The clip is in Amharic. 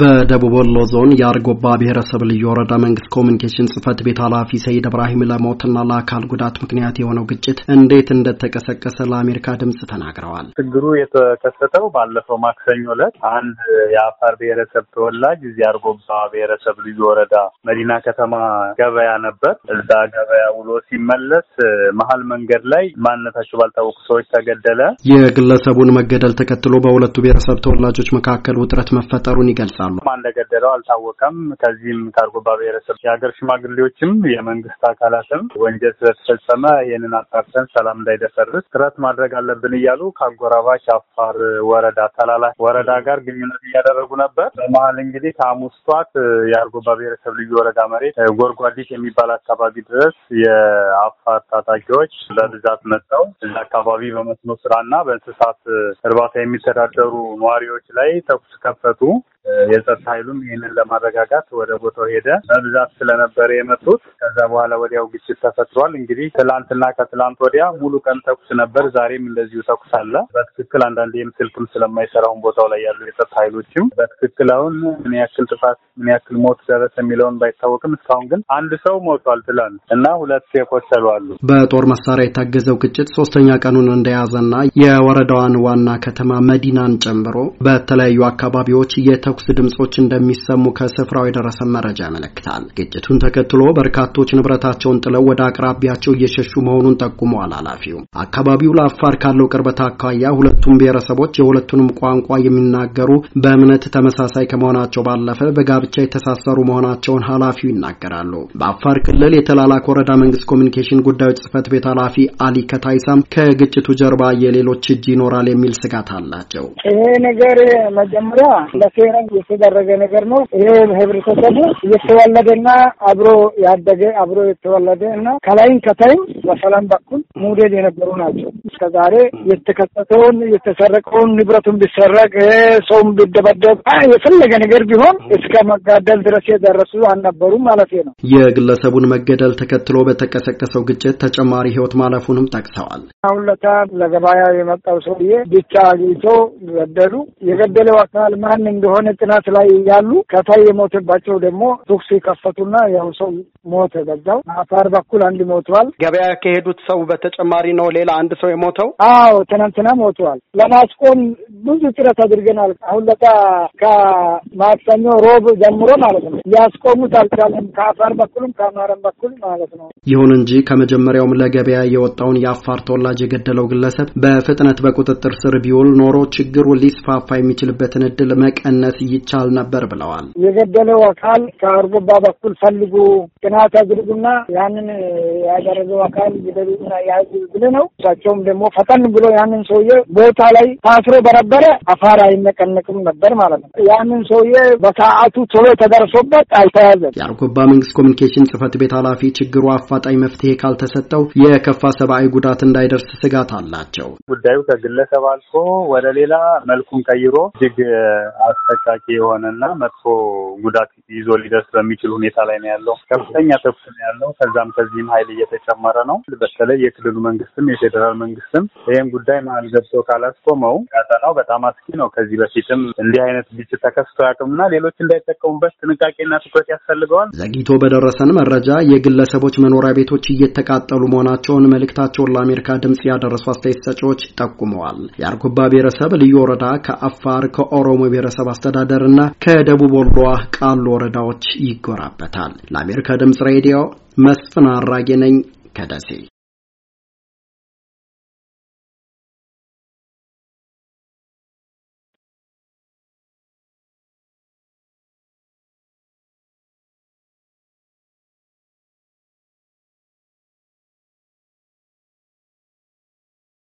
በደቡብ ወሎ ዞን የአርጎባ ብሔረሰብ ልዩ ወረዳ መንግስት ኮሚኒኬሽን ጽህፈት ቤት ኃላፊ ሰይድ እብራሂም ለሞትና ለአካል ጉዳት ምክንያት የሆነው ግጭት እንዴት እንደተቀሰቀሰ ለአሜሪካ ድምጽ ተናግረዋል። ችግሩ የተከሰተው ባለፈው ማክሰኞ ዕለት አንድ የአፋር ብሔረሰብ ተወላጅ እዚህ አርጎባ ብሔረሰብ ልዩ ወረዳ መዲና ከተማ ገበያ ነበር። እዛ ገበያ ውሎ ሲመለስ መሀል መንገድ ላይ ማንነታቸው ባልታወቁ ሰዎች ተገደለ። የግለሰቡን መገደል ተከትሎ በሁለቱ ብሔረሰብ ተወላጆች መካከል ውጥረት መፈጠሩን ይገልጻል። ማን እንደገደለው አልታወቀም። ከዚህም ከአርጎባ ብሔረሰብ የሀገር ሽማግሌዎችም የመንግስት አካላትም ወንጀል ስለተፈጸመ ይህንን አጣርተን ሰላም እንዳይደፈርስ ጥረት ማድረግ አለብን እያሉ ከአጎራባች አፋር ወረዳ ተላላ ወረዳ ጋር ግንኙነት እያደረጉ ነበር። በመሀል እንግዲህ ከሐሙስ ጧት የአርጎባ ብሔረሰብ ልዩ ወረዳ መሬት ጎርጓዲት የሚባል አካባቢ ድረስ የአፋር ታጣቂዎች በብዛት መጥተው እዚ አካባቢ በመስኖ ስራና በእንስሳት እርባታ የሚተዳደሩ ነዋሪዎች ላይ ተኩስ ከፈቱ። የጸጥታ ኃይሉም ይህንን ለማረጋጋት ወደ ቦታው ሄደ። በብዛት ስለነበረ የመጡት ከዛ በኋላ ወዲያው ግጭት ተፈጥሯል። እንግዲህ ትላንትና ከትላንት ወዲያ ሙሉ ቀን ተኩስ ነበር። ዛሬም እንደዚሁ ተኩስ አለ። በትክክል አንዳንዴም ስልክም ስለማይሰራውን ቦታው ላይ ያሉ የጸጥታ ኃይሎችም በትክክል አሁን ምን ያክል ጥፋት ምን ያክል ሞት ደረሰ የሚለውን ባይታወቅም እስካሁን ግን አንድ ሰው ሞቷል ትላንት እና ሁለት የቆሰሉ አሉ። በጦር መሳሪያ የታገዘው ግጭት ሶስተኛ ቀኑን እንደያዘና የወረዳዋን ዋና ከተማ መዲናን ጨምሮ በተለያዩ አካባቢዎች የተ የተኩስ ድምጾች እንደሚሰሙ ከስፍራው የደረሰ መረጃ ያመለክታል። ግጭቱን ተከትሎ በርካቶች ንብረታቸውን ጥለው ወደ አቅራቢያቸው እየሸሹ መሆኑን ጠቁመዋል ኃላፊው። አካባቢው ለአፋር ካለው ቅርበት አኳያ ሁለቱም ብሔረሰቦች የሁለቱንም ቋንቋ የሚናገሩ በእምነት ተመሳሳይ ከመሆናቸው ባለፈ በጋብቻ የተሳሰሩ መሆናቸውን ኃላፊው ይናገራሉ። በአፋር ክልል የተላላክ ወረዳ መንግስት ኮሚኒኬሽን ጉዳዮች ጽህፈት ቤት ኃላፊ አሊ ከታይሳም ከግጭቱ ጀርባ የሌሎች እጅ ይኖራል የሚል ስጋት አላቸው። ይሄ ነገር መጀመሪያ ለሴራ የተደረገ ነገር ነው። ይሄ ህብረተሰቡ እየተወለደና አብሮ ያደገ አብሮ የተወለደ እና ከላይም ከታይም በሰላም በኩል ሞዴል የነበሩ ናቸው። እስከዛሬ የተከሰተውን የተሰረቀውን ንብረቱን ቢሰረቅ ሰውም ቢደበደብ የፈለገ ነገር ቢሆን እስከ መጋደል ድረስ የደረሱ አልነበሩም ማለት ነው። የግለሰቡን መገደል ተከትሎ በተቀሰቀሰው ግጭት ተጨማሪ ህይወት ማለፉንም ጠቅሰዋል። አሁን ለታ ለገበያ የመጣው ሰውዬ ብቻ አግኝቶ ገደሉ። የገደለው አካል ማን እንደሆነ የሆነ ጥናት ላይ ያሉ ከታይ የሞተባቸው ደግሞ ተኩስ የከፈቱና ያው ሰው ሞተ። በዛው አፋር በኩል አንድ ሞተዋል። ገበያ ከሄዱት ሰው በተጨማሪ ነው ሌላ አንድ ሰው የሞተው። አዎ ትናንትና ሞተዋል። ለማስቆም ብዙ ጥረት አድርገናል። አሁን ለቃ ከማክሰኞ ሮብ ጀምሮ ማለት ነው ያስቆሙት አልቻለም። ከአፋር በኩልም ከአማራም በኩል ማለት ነው። ይሁን እንጂ ከመጀመሪያውም ለገበያ የወጣውን የአፋር ተወላጅ የገደለው ግለሰብ በፍጥነት በቁጥጥር ስር ቢውል ኖሮ ችግሩ ሊስፋፋ የሚችልበትን እድል መቀነስ መቅረፍ ይቻል ነበር ብለዋል። የገደለው አካል ከአርጎባ በኩል ፈልጉ ጥናት አድርጉና ያንን ያደረገው አካል ግደሉና ያዙ ብለ ነው። እሳቸውም ደግሞ ፈጠን ብሎ ያንን ሰውዬ ቦታ ላይ ታስሮ በነበረ አፋር አይነቀነቅም ነበር ማለት ነው። ያንን ሰውዬ በሰዓቱ ቶሎ ተደርሶበት አልተያዘም። የአርጎባ መንግስት ኮሚኒኬሽን ጽህፈት ቤት ኃላፊ ችግሩ አፋጣኝ መፍትሄ ካልተሰጠው የከፋ ሰብአዊ ጉዳት እንዳይደርስ ስጋት አላቸው። ጉዳዩ ከግለሰብ አልፎ ወደ ሌላ መልኩን ቀይሮ እጅግ አስጠቃ አላስታኪ የሆነና መጥፎ ጉዳት ይዞ ሊደርስ በሚችል ሁኔታ ላይ ነው ያለው። ከፍተኛ ተኩስ ነው ያለው። ከዛም ከዚህም ኃይል እየተጨመረ ነው። በተለይ የክልሉ መንግስትም የፌዴራል መንግስትም ይህም ጉዳይ መሀል ገብቶ ካላስቆመው ቀጠናው በጣም አስጊ ነው። ከዚህ በፊትም እንዲህ አይነት ግጭት ተከስቶ ያቅምና ሌሎች እንዳይጠቀሙበት ጥንቃቄና ትኩረት ያስፈልገዋል። ዘግይቶ በደረሰን መረጃ የግለሰቦች መኖሪያ ቤቶች እየተቃጠሉ መሆናቸውን መልእክታቸውን ለአሜሪካ ድምጽ ያደረሱ አስተያየት ሰጪዎች ጠቁመዋል። የአርጎባ ብሔረሰብ ልዩ ወረዳ ከአፋር ከኦሮሞ ብሔረሰብ አስተዳደ አስተዳደርና ከደቡብ ወሎዋ ቃሉ ወረዳዎች ይጎራበታል። ለአሜሪካ ድምጽ ሬዲዮ መስፍን አራጌ ነኝ ከደሴ